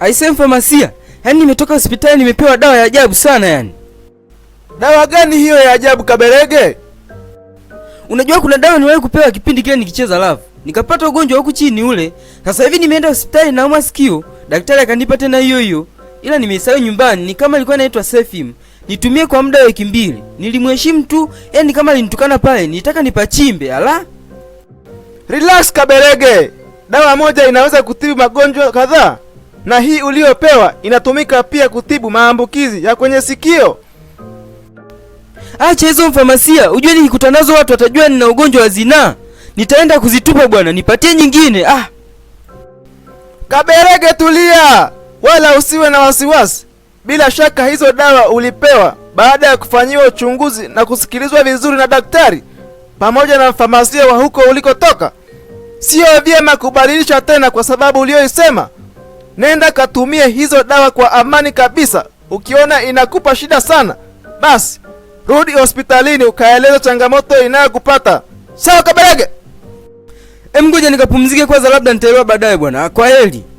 Aisee mfamasia, yaani nimetoka hospitali nimepewa dawa ya ajabu sana yani. Dawa gani hiyo ya ajabu Kaberege? Unajua kuna dawa niwahi kupewa kipindi kile nikicheza lavu, nikapata ugonjwa huku chini ule. Sasa hivi nimeenda hospitali naumwa sikio, daktari akanipa tena hiyo hiyo, ila nimeisahau nyumbani. Ni kama ilikuwa inaitwa Sefim, nitumie kwa muda wa wiki mbili. Nilimheshimu tu, yaani kama alinitukana pale, nitaka nipachimbe. Ala, relax Kaberege, dawa moja inaweza kutibu magonjwa kadhaa na hii uliyopewa inatumika pia kutibu maambukizi ya kwenye sikio. Acha hizo mfamasia, ujue nikikutandazo watu watajua nina ugonjwa wa zinaa. Nitaenda kuzitupa bwana, nipatie nyingine. Ah, Kaberege, tulia, wala usiwe na wasiwasi. Bila shaka hizo dawa ulipewa baada ya kufanyiwa uchunguzi na kusikilizwa vizuri na daktari pamoja na mfamasia wa huko ulikotoka. Siyo vyema kubadilisha tena kwa sababu uliyoisema nenda katumie hizo dawa kwa amani kabisa. Ukiona inakupa shida sana, basi rudi hospitalini ukaeleza changamoto inayokupata. Sawa Kabarage? Emgoja nikapumzike kwanza, labda nitaelewa baadaye bwana. Kwa heri.